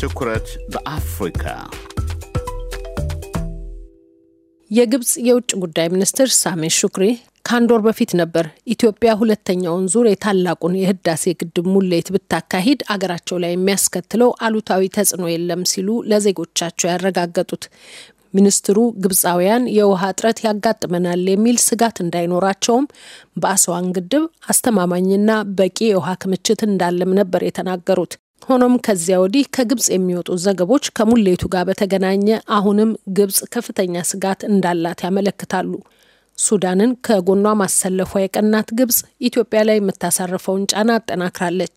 ትኩረት በአፍሪካ የግብፅ የውጭ ጉዳይ ሚኒስትር ሳሜ ሹክሪ ከአንድ ወር በፊት ነበር ኢትዮጵያ ሁለተኛውን ዙር የታላቁን የህዳሴ ግድብ ሙሌት ብታካሂድ አገራቸው ላይ የሚያስከትለው አሉታዊ ተጽዕኖ የለም ሲሉ ለዜጎቻቸው ያረጋገጡት። ሚኒስትሩ ግብፃውያን የውሃ እጥረት ያጋጥመናል የሚል ስጋት እንዳይኖራቸውም በአስዋን ግድብ አስተማማኝና በቂ የውሃ ክምችት እንዳለም ነበር የተናገሩት። ሆኖም ከዚያ ወዲህ ከግብጽ የሚወጡ ዘገቦች ከሙሌቱ ጋር በተገናኘ አሁንም ግብጽ ከፍተኛ ስጋት እንዳላት ያመለክታሉ። ሱዳንን ከጎኗ ማሰለፏ የቀናት ግብጽ ኢትዮጵያ ላይ የምታሳርፈውን ጫና አጠናክራለች።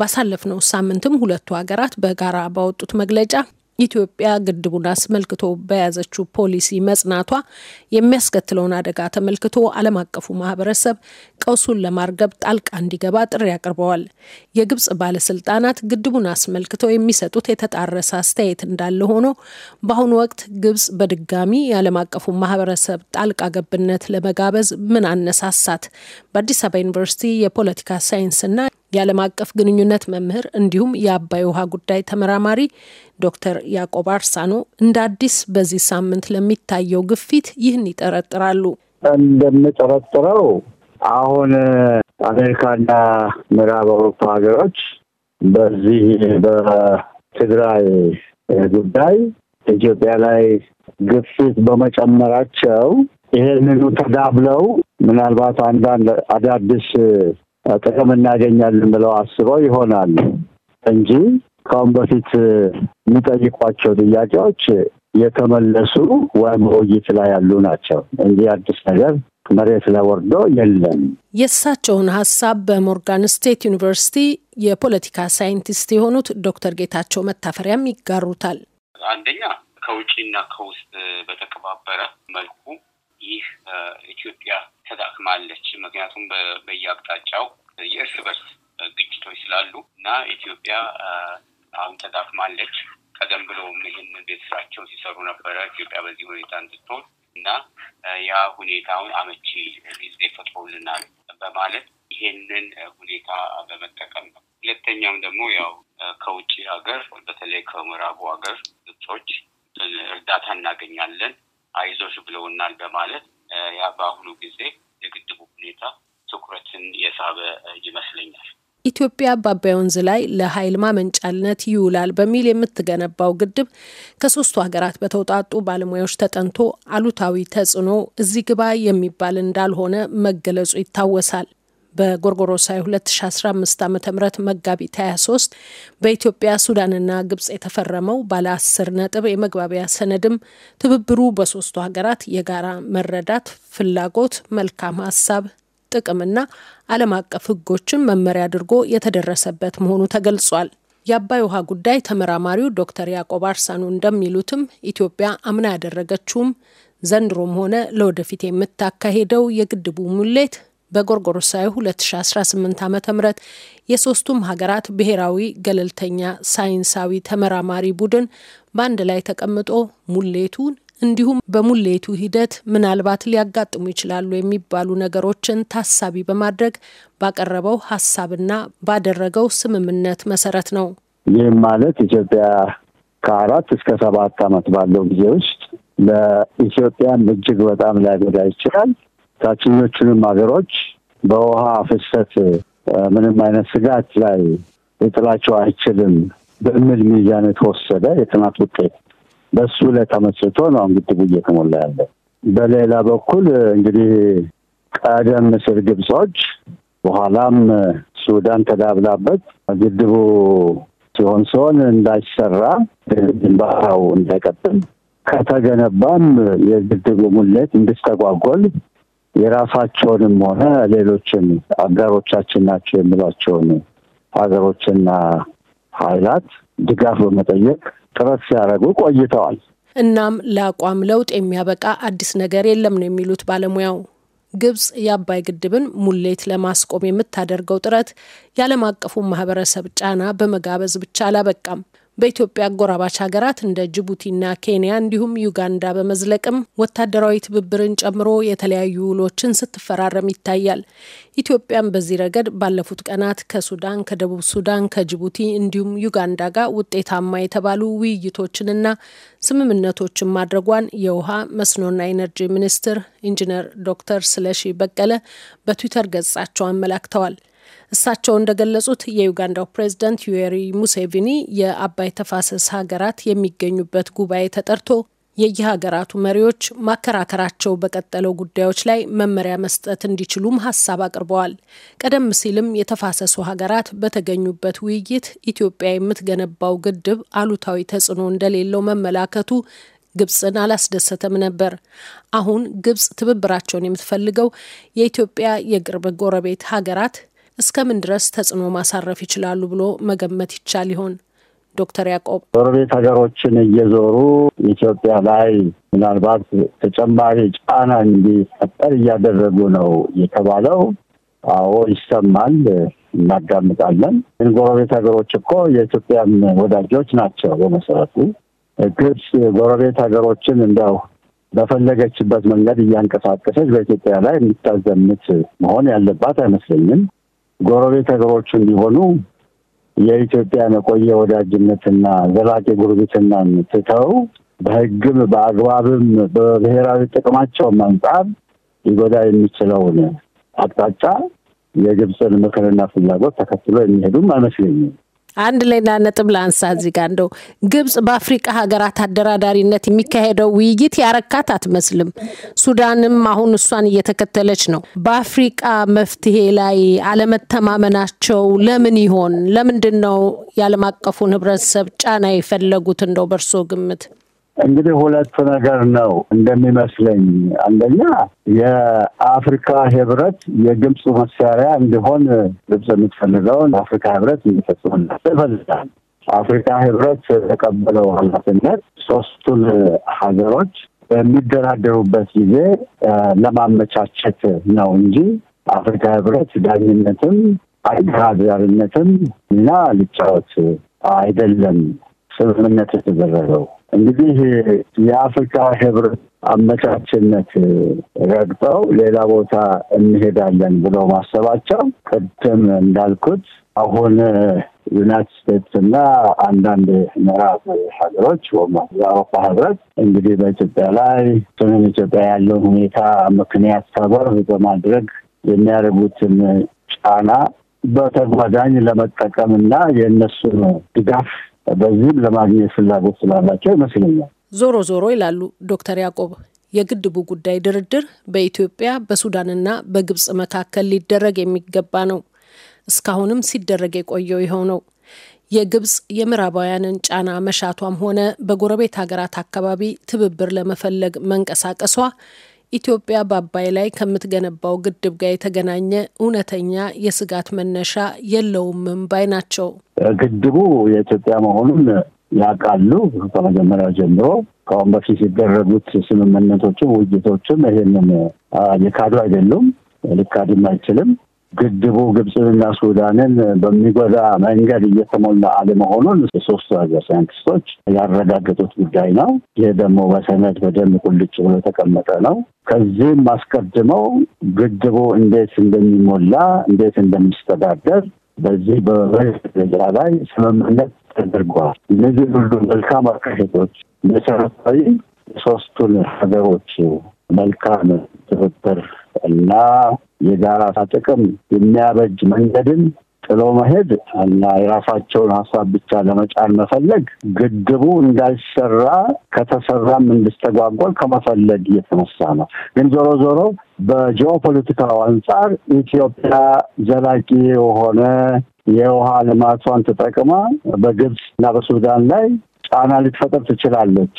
ባሳለፍነው ሳምንትም ሁለቱ ሀገራት በጋራ ባወጡት መግለጫ ኢትዮጵያ ግድቡን አስመልክቶ በያዘችው ፖሊሲ መጽናቷ የሚያስከትለውን አደጋ ተመልክቶ ዓለም አቀፉ ማህበረሰብ ቀውሱን ለማርገብ ጣልቃ እንዲገባ ጥሪ አቅርበዋል። የግብጽ ባለስልጣናት ግድቡን አስመልክተው የሚሰጡት የተጣረሰ አስተያየት እንዳለ ሆኖ በአሁኑ ወቅት ግብጽ በድጋሚ የዓለም አቀፉ ማህበረሰብ ጣልቃ ገብነት ለመጋበዝ ምን አነሳሳት? በአዲስ አበባ ዩኒቨርሲቲ የፖለቲካ ሳይንስና የዓለም አቀፍ ግንኙነት መምህር እንዲሁም የአባይ ውሃ ጉዳይ ተመራማሪ ዶክተር ያዕቆብ አርሳኖ እንደ አዲስ በዚህ ሳምንት ለሚታየው ግፊት ይህን ይጠረጥራሉ። እንደምጠረጥረው አሁን አሜሪካና ምዕራብ አውሮፓ ሀገሮች በዚህ በትግራይ ጉዳይ ኢትዮጵያ ላይ ግፊት በመጨመራቸው ይህንኑ ተዳብለው ምናልባት አንዳንድ አዳዲስ ጥቅም እናገኛለን ብለው አስበው ይሆናል እንጂ ከአሁን በፊት የሚጠይቋቸው ጥያቄዎች የተመለሱ ወይም ውይይት ላይ ያሉ ናቸው እንጂ አዲስ ነገር መሬት ላይ ወርዶ የለም። የእሳቸውን ሀሳብ በሞርጋን ስቴት ዩኒቨርሲቲ የፖለቲካ ሳይንቲስት የሆኑት ዶክተር ጌታቸው መታፈሪያም ይጋሩታል። አንደኛ ከውጭና ከውስጥ በተቀባበረ መልኩ ይህ ኢትዮጵያ ተዳክማለች። ምክንያቱም በየአቅጣጫው የእርስ በርስ ግጭቶች ስላሉ እና ኢትዮጵያ አሁን ተዳክማለች። ቀደም ብለውም ይህን ቤት ስራቸው ሲሰሩ ነበረ ኢትዮጵያ በዚህ ሁኔታ እንድትሆን እና ያ ሁኔታውን አመቺ ጊዜ ፈጥሮልናል በማለት ይሄንን ሁኔታ በመጠቀም ነው። ሁለተኛም ደግሞ ያው ከውጭ ሀገር በተለይ ከምዕራቡ ሀገር ግብጾች እርዳታ እናገኛለን አይዞሽ ብለውናል በማለት ያ በአሁኑ ጊዜ የግድቡ ሁኔታ ትኩረትን የሳበ ይመስለኛል። ኢትዮጵያ በአባይ ወንዝ ላይ ለኃይል ማመንጫነት ይውላል በሚል የምትገነባው ግድብ ከሶስቱ ሀገራት በተውጣጡ ባለሙያዎች ተጠንቶ አሉታዊ ተጽዕኖ እዚህ ግባ የሚባል እንዳልሆነ መገለጹ ይታወሳል። በጎርጎሮሳዊ 2015 ዓ ም መጋቢት 23 በኢትዮጵያ ሱዳንና ግብጽ የተፈረመው ባለ 10 ነጥብ የመግባቢያ ሰነድም ትብብሩ በሶስቱ ሀገራት የጋራ መረዳት፣ ፍላጎት፣ መልካም ሀሳብ፣ ጥቅምና ዓለም አቀፍ ሕጎችን መመሪያ አድርጎ የተደረሰበት መሆኑ ተገልጿል። የአባይ ውሃ ጉዳይ ተመራማሪው ዶክተር ያዕቆብ አርሳኑ እንደሚሉትም ኢትዮጵያ አምና ያደረገችውም ዘንድሮም ሆነ ለወደፊት የምታካሄደው የግድቡ ሙሌት በጎርጎሮሳዊ 2018 ዓ ም የሶስቱም ሀገራት ብሔራዊ ገለልተኛ ሳይንሳዊ ተመራማሪ ቡድን በአንድ ላይ ተቀምጦ ሙሌቱን እንዲሁም በሙሌቱ ሂደት ምናልባት ሊያጋጥሙ ይችላሉ የሚባሉ ነገሮችን ታሳቢ በማድረግ ባቀረበው ሀሳብና ባደረገው ስምምነት መሰረት ነው። ይህም ማለት ኢትዮጵያ ከአራት እስከ ሰባት ዓመት ባለው ጊዜ ውስጥ ለኢትዮጵያን እጅግ በጣም ሊያገዳ ይችላል ታችኞቹንም ሀገሮች በውሃ ፍሰት ምንም አይነት ስጋት ላይ ሊጥላቸው አይችልም በሚል ሚዛን የተወሰደ የጥናት ውጤት በሱ ላይ ተመስርቶ ነው ግድቡ እየተሞላ ያለ። በሌላ በኩል እንግዲህ ቀደም ሲል ግብጾች በኋላም ሱዳን ተዳብላበት ግድቡ ሲሆን ሲሆን እንዳይሰራ ግንባታው እንዳይቀጥል ከተገነባም የግድቡ ሙሌት እንድስተጓጎል የራሳቸውንም ሆነ ሌሎችን አጋሮቻችን ናቸው የሚሏቸውን ሀገሮችና ኃይላት ድጋፍ በመጠየቅ ጥረት ሲያደርጉ ቆይተዋል። እናም ለአቋም ለውጥ የሚያበቃ አዲስ ነገር የለም ነው የሚሉት ባለሙያው። ግብጽ የአባይ ግድብን ሙሌት ለማስቆም የምታደርገው ጥረት የዓለም አቀፉ ማህበረሰብ ጫና በመጋበዝ ብቻ አላበቃም። በኢትዮጵያ አጎራባች ሀገራት እንደ ጅቡቲና ኬንያ እንዲሁም ዩጋንዳ በመዝለቅም ወታደራዊ ትብብርን ጨምሮ የተለያዩ ውሎችን ስትፈራረም ይታያል። ኢትዮጵያም በዚህ ረገድ ባለፉት ቀናት ከሱዳን፣ ከደቡብ ሱዳን፣ ከጅቡቲ እንዲሁም ዩጋንዳ ጋር ውጤታማ የተባሉ ውይይቶችንና ስምምነቶችን ማድረጓን የውሃ መስኖና ኢነርጂ ሚኒስትር ኢንጂነር ዶክተር ስለሺ በቀለ በትዊተር ገጻቸው አመላክተዋል። እሳቸው እንደገለጹት የዩጋንዳው ፕሬዝዳንት ዩዌሪ ሙሴቪኒ የአባይ ተፋሰስ ሀገራት የሚገኙበት ጉባኤ ተጠርቶ የየሀገራቱ መሪዎች ማከራከራቸው በቀጠለው ጉዳዮች ላይ መመሪያ መስጠት እንዲችሉም ሀሳብ አቅርበዋል። ቀደም ሲልም የተፋሰሱ ሀገራት በተገኙበት ውይይት ኢትዮጵያ የምትገነባው ግድብ አሉታዊ ተጽዕኖ እንደሌለው መመላከቱ ግብፅን አላስደሰተም ነበር። አሁን ግብፅ ትብብራቸውን የምትፈልገው የኢትዮጵያ የቅርብ ጎረቤት ሀገራት እስከምን ድረስ ተጽዕኖ ማሳረፍ ይችላሉ ብሎ መገመት ይቻል ይሆን? ዶክተር ያዕቆብ ጎረቤት ሀገሮችን እየዞሩ ኢትዮጵያ ላይ ምናልባት ተጨማሪ ጫና እንዲፈጠር እያደረጉ ነው የተባለው። አዎ ይሰማል፣ እናጋምጣለን። ግን ጎረቤት ሀገሮች እኮ የኢትዮጵያን ወዳጆች ናቸው። በመሰረቱ ግብጽ ጎረቤት ሀገሮችን እንደው በፈለገችበት መንገድ እያንቀሳቀሰች በኢትዮጵያ ላይ የምታዘምት መሆን ያለባት አይመስለኝም። ጎረቤት ሀገሮች እንዲሆኑ የኢትዮጵያን የቆየ ወዳጅነትና ዘላቂ ጉርብትናን ትተው በሕግም በአግባብም በብሔራዊ ጥቅማቸው አንጻር ሊጎዳ የሚችለውን አቅጣጫ የግብፅን ምክርና ፍላጎት ተከትሎ የሚሄዱም አይመስለኝም። አንድ ላይ ና ነጥብ ለአንሳ እዚህ ጋር እንደው ግብጽ በአፍሪቃ ሀገራት አደራዳሪነት የሚካሄደው ውይይት ያረካት አትመስልም። ሱዳንም አሁን እሷን እየተከተለች ነው። በአፍሪቃ መፍትሄ ላይ አለመተማመናቸው ለምን ይሆን? ለምንድን ነው የዓለም አቀፉን ህብረተሰብ ጫና የፈለጉት? እንደው በእርሶ ግምት እንግዲህ ሁለት ነገር ነው እንደሚመስለኝ። አንደኛ የአፍሪካ ህብረት የግብፅ መሳሪያ እንዲሆን ግብፅ የምትፈልገውን አፍሪካ ህብረት እንዲፈጽምላት ይፈልጋል። አፍሪካ ህብረት የተቀበለው ኃላፊነት ሶስቱን ሀገሮች በሚደራደሩበት ጊዜ ለማመቻቸት ነው እንጂ አፍሪካ ህብረት ዳኝነትም አደራዳሪነትም ሚና ሊጫወት አይደለም። ስምምነት የተደረገው እንግዲህ የአፍሪካ ህብረት አመቻችነት ረግጠው ሌላ ቦታ እንሄዳለን ብለው ማሰባቸው ቅድም እንዳልኩት አሁን ዩናይትድ ስቴትስ እና አንዳንድ ምዕራብ ሀገሮች የአውሮፓ ህብረት እንግዲህ በኢትዮጵያ ላይ ሰሜን ኢትዮጵያ ያለውን ሁኔታ ምክንያት ሰበብ በማድረግ የሚያደርጉትን ጫና በተጓዳኝ ለመጠቀም እና የእነሱን ድጋፍ በዚህም ለማግኘት ፍላጎት ስላላቸው ይመስለኛል። ዞሮ ዞሮ ይላሉ ዶክተር ያዕቆብ የግድቡ ጉዳይ ድርድር በኢትዮጵያ በሱዳንና በግብጽ መካከል ሊደረግ የሚገባ ነው። እስካሁንም ሲደረግ የቆየው ይኸው ነው። የግብጽ የምዕራባውያንን ጫና መሻቷም ሆነ በጎረቤት ሀገራት አካባቢ ትብብር ለመፈለግ መንቀሳቀሷ ኢትዮጵያ በአባይ ላይ ከምትገነባው ግድብ ጋር የተገናኘ እውነተኛ የስጋት መነሻ የለውምም ባይ ናቸው። ግድቡ የኢትዮጵያ መሆኑን ያውቃሉ። ከመጀመሪያው ጀምሮ ከአሁን በፊት ሲደረጉት ስምምነቶችም ውይይቶችም ይሄንን የካዱ አይደሉም፣ ሊካድም አይችልም። ግድቡ ግብፅንና ሱዳንን በሚጎዳ መንገድ እየተሞላ አለመሆኑን ሶስቱ ሀገር ሳይንቲስቶች ያረጋገጡት ጉዳይ ነው። ይህ ደግሞ በሰነድ በደንብ ቁልጭ ብሎ የተቀመጠ ነው። ከዚህም አስቀድመው ግድቡ እንዴት እንደሚሞላ እንዴት እንደሚስተዳደር በዚህ በደረጃ ላይ ስምምነት ተደርጓል። እነዚህ ሁሉ መልካም አካሄዶች መሰረታዊ ሶስቱን ሀገሮች መልካም ትብብር እና የጋራ ጥቅም የሚያበጅ መንገድን ጥሎ መሄድ እና የራሳቸውን ሀሳብ ብቻ ለመጫን መፈለግ ግድቡ እንዳይሰራ ከተሰራም እንዲስተጓጎል ከመፈለግ እየተነሳ ነው። ግን ዞሮ ዞሮ በጂኦፖለቲካው አንጻር ኢትዮጵያ ዘላቂ የሆነ የውሃ ልማቷን ተጠቅማ በግብፅ እና በሱዳን ላይ ጫና ልትፈጥር ትችላለች፣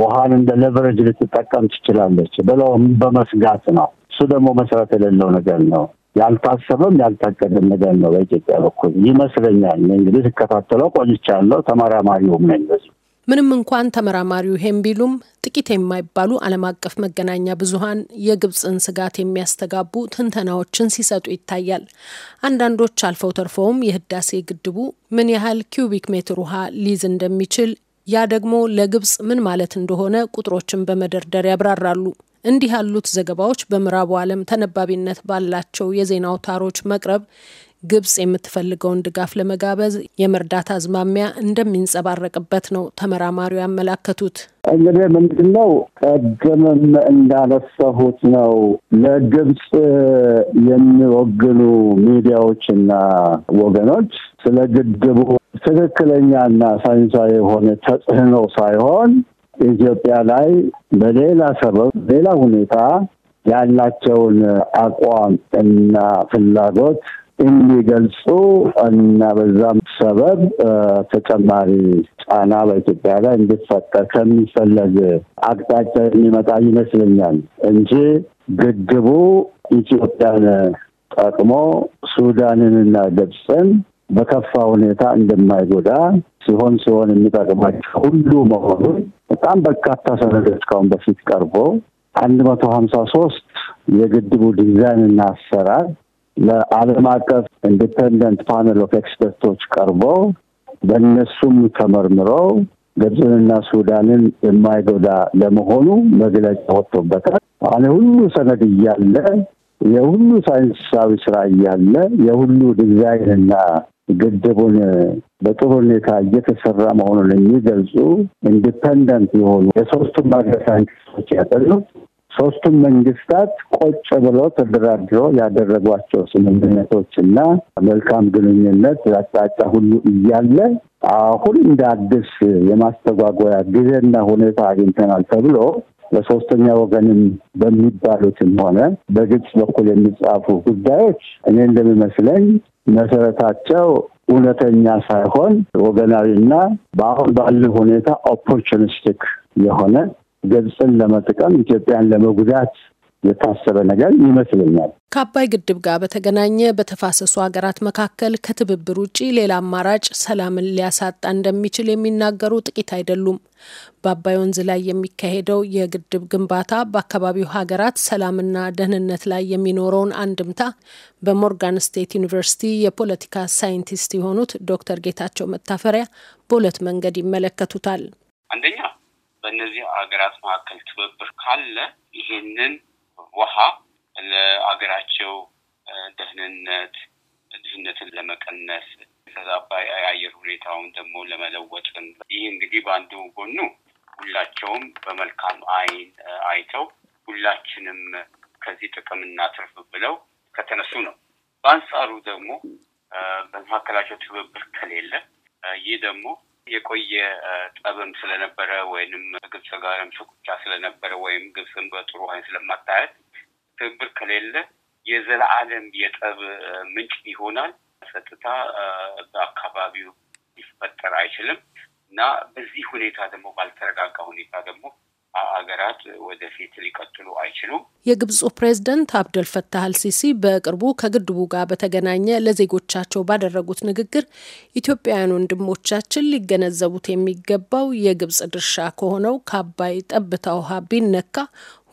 ውሃን እንደ ሌቨሬጅ ልትጠቀም ትችላለች ብለው በመስጋት ነው እሱ ደግሞ መሰረት የሌለው ነገር ነው። ያልታሰበም ያልታቀደም ነገር ነው በኢትዮጵያ በኩል ይመስለኛል። እንግዲህ ስከታተለው ቆይቻለሁ። ተመራማሪውም ነኝ በዚህ ምንም እንኳን ተመራማሪው ይሄም ቢሉም ጥቂት የማይባሉ ዓለም አቀፍ መገናኛ ብዙሀን የግብፅን ስጋት የሚያስተጋቡ ትንተናዎችን ሲሰጡ ይታያል። አንዳንዶች አልፈው ተርፈውም የህዳሴ ግድቡ ምን ያህል ኪዩቢክ ሜትር ውሃ ሊይዝ እንደሚችል፣ ያ ደግሞ ለግብፅ ምን ማለት እንደሆነ ቁጥሮችን በመደርደር ያብራራሉ። እንዲህ ያሉት ዘገባዎች በምዕራቡ ዓለም ተነባቢነት ባላቸው የዜና አውታሮች መቅረብ ግብጽ የምትፈልገውን ድጋፍ ለመጋበዝ የመርዳት አዝማሚያ እንደሚንጸባረቅበት ነው ተመራማሪው ያመላከቱት። እንግዲህ ምንድን ነው ቀድምም እንዳነሳሁት ነው ለግብጽ የሚወግኑ ሚዲያዎችና ወገኖች ስለ ግድቡ ትክክለኛና ሳይንሳዊ የሆነ ተጽዕኖ ሳይሆን ኢትዮጵያ ላይ በሌላ ሰበብ ሌላ ሁኔታ ያላቸውን አቋም እና ፍላጎት እንዲገልጹ እና በዛም ሰበብ ተጨማሪ ጫና በኢትዮጵያ ላይ እንዲፈጠር ከሚፈለግ አቅጣጫ የሚመጣ ይመስለኛል እንጂ ግድቡ ኢትዮጵያን ጠቅሞ ሱዳንንና ግብፅን በከፋ ሁኔታ እንደማይጎዳ ሲሆን ሲሆን የሚጠቅማቸው ሁሉ መሆኑን በጣም በርካታ ሰነዶች ካሁን በፊት ቀርቦ አንድ መቶ ሀምሳ ሶስት የግድቡ ዲዛይንና አሰራር ለዓለም አቀፍ ኢንዲፐንደንት ፓነል ኦፍ ኤክስፐርቶች ቀርቦ በእነሱም ተመርምሮ ግብፅንና ሱዳንን የማይጎዳ ለመሆኑ መግለጫ ወጥቶበታል። አሁን ሁሉ ሰነድ እያለ የሁሉ ሳይንሳዊ ስራ እያለ የሁሉ ዲዛይንና ግድቡን በጥሩ ሁኔታ እየተሰራ መሆኑን የሚገልጹ ኢንዲፐንደንት የሆኑ የሶስቱም ሀገር ሳይንቲስቶች ያጠኑ ሶስቱም መንግስታት ቆጭ ብሎ ተደራድሮ ያደረጓቸው ስምምነቶች እና መልካም ግንኙነት አቅጣጫ ሁሉ እያለ አሁን እንደ አዲስ የማስተጓጎያ ጊዜና ሁኔታ አግኝተናል ተብሎ በሶስተኛ ወገንም በሚባሉትም ሆነ በግብጽ በኩል የሚጻፉ ጉዳዮች እኔ እንደሚመስለኝ መሰረታቸው እውነተኛ ሳይሆን ወገናዊና በአሁን ባለው ሁኔታ ኦፖርቹኒስቲክ የሆነ ግብፅን ለመጥቀም ኢትዮጵያን ለመጉዳት የታሰበ ነገር ይመስለኛል። ከአባይ ግድብ ጋር በተገናኘ በተፋሰሱ ሀገራት መካከል ከትብብር ውጪ ሌላ አማራጭ ሰላምን ሊያሳጣ እንደሚችል የሚናገሩ ጥቂት አይደሉም። በአባይ ወንዝ ላይ የሚካሄደው የግድብ ግንባታ በአካባቢው ሀገራት ሰላምና ደህንነት ላይ የሚኖረውን አንድምታ በሞርጋን ስቴት ዩኒቨርሲቲ የፖለቲካ ሳይንቲስት የሆኑት ዶክተር ጌታቸው መታፈሪያ በሁለት መንገድ ይመለከቱታል። አንደኛ በእነዚህ ሀገራት መካከል ትብብር ካለ ይሄንን ውሃ ለአገራቸው ደህንነት ድህነትን ለመቀነስ የተዛባ የአየር ሁኔታውን ደግሞ ለመለወጥን ይህ እንግዲህ በአንዱ ጎኑ ሁላቸውም በመልካም አይን አይተው ሁላችንም ከዚህ ጥቅም እናትርፍ ብለው ከተነሱ ነው። በአንጻሩ ደግሞ በመካከላቸው ትብብር ከሌለ ይህ ደግሞ የቆየ ጠብም ስለነበረ ወይንም ግብጽ ጋርም ሽኩቻ ስለነበረ ወይም ግብጽን በጥሩ አይን ስለማታያት ትብብር ከሌለ የዘላለም የጠብ ምንጭ ይሆናል። ጸጥታ በአካባቢው ሊፈጠር አይችልም እና በዚህ ሁኔታ ደግሞ ባልተረጋጋ ሁኔታ ደግሞ ሀገራት ወደፊት ሊቀጥሉ አይችሉም። የግብፁ ፕሬዝደንት አብደልፈታህ አልሲሲ በቅርቡ ከግድቡ ጋር በተገናኘ ለዜጎቻቸው ባደረጉት ንግግር ኢትዮጵያውያን ወንድሞቻችን ሊገነዘቡት የሚገባው የግብፅ ድርሻ ከሆነው ከአባይ ጠብታ ውሃ ቢነካ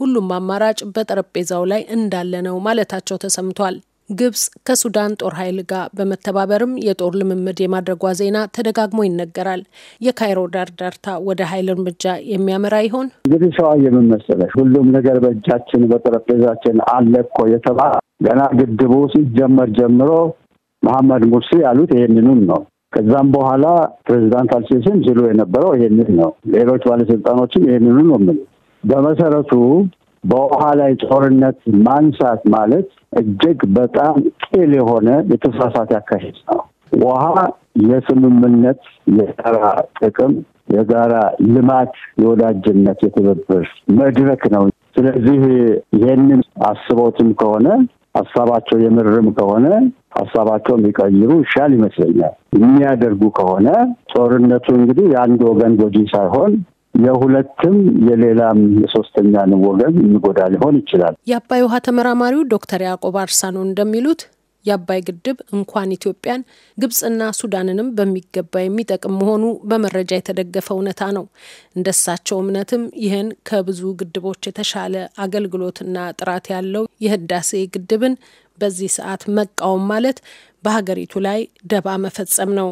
ሁሉም አማራጭ በጠረጴዛው ላይ እንዳለ ነው ማለታቸው ተሰምቷል። ግብጽ ከሱዳን ጦር ኃይል ጋር በመተባበርም የጦር ልምምድ የማድረጓ ዜና ተደጋግሞ ይነገራል። የካይሮ ዳርዳርታ ወደ ኃይል እርምጃ የሚያመራ ይሆን? እንግዲህ ሰው የምን መሰለሽ ሁሉም ነገር በእጃችን በጠረጴዛችን አለ እኮ የተባለ ገና ግድቡ ሲጀመር ጀምሮ መሐመድ ሙርሲ ያሉት ይህንኑን ነው። ከዛም በኋላ ፕሬዚዳንት አልሲሲም ሲሉ የነበረው ይህንን ነው። ሌሎች ባለስልጣኖችም ይህንኑ ነው የሚሉት። በመሰረቱ በውሃ ላይ ጦርነት ማንሳት ማለት እጅግ በጣም ጤል የሆነ የተሳሳት ያካሄድ ነው። ውሃ የስምምነት፣ የጋራ ጥቅም፣ የጋራ ልማት፣ የወዳጅነት፣ የትብብር መድረክ ነው። ስለዚህ ይህንን አስቦትም ከሆነ ሀሳባቸው የምርም ከሆነ ሀሳባቸው የሚቀይሩ ይሻል ይመስለኛል። የሚያደርጉ ከሆነ ጦርነቱ እንግዲህ የአንድ ወገን ጎጂ ሳይሆን የሁለትም የሌላም የሶስተኛንም ወገን የሚጎዳ ሊሆን ይችላል። የአባይ ውሃ ተመራማሪው ዶክተር ያዕቆብ አርሳኖ እንደሚሉት የአባይ ግድብ እንኳን ኢትዮጵያን ግብጽና ሱዳንንም በሚገባ የሚጠቅም መሆኑ በመረጃ የተደገፈ እውነታ ነው። እንደሳቸው እምነትም ይህን ከብዙ ግድቦች የተሻለ አገልግሎትና ጥራት ያለው የህዳሴ ግድብን በዚህ ሰዓት መቃወም ማለት በሀገሪቱ ላይ ደባ መፈጸም ነው።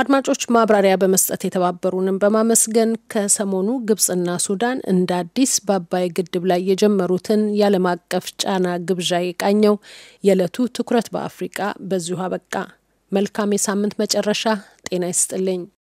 አድማጮች ማብራሪያ በመስጠት የተባበሩንም በማመስገን ከሰሞኑ ግብጽና ሱዳን እንደ አዲስ በአባይ ግድብ ላይ የጀመሩትን የዓለም አቀፍ ጫና ግብዣ የቃኘው የዕለቱ ትኩረት በአፍሪቃ በዚሁ አበቃ። መልካም የሳምንት መጨረሻ። ጤና ይስጥልኝ።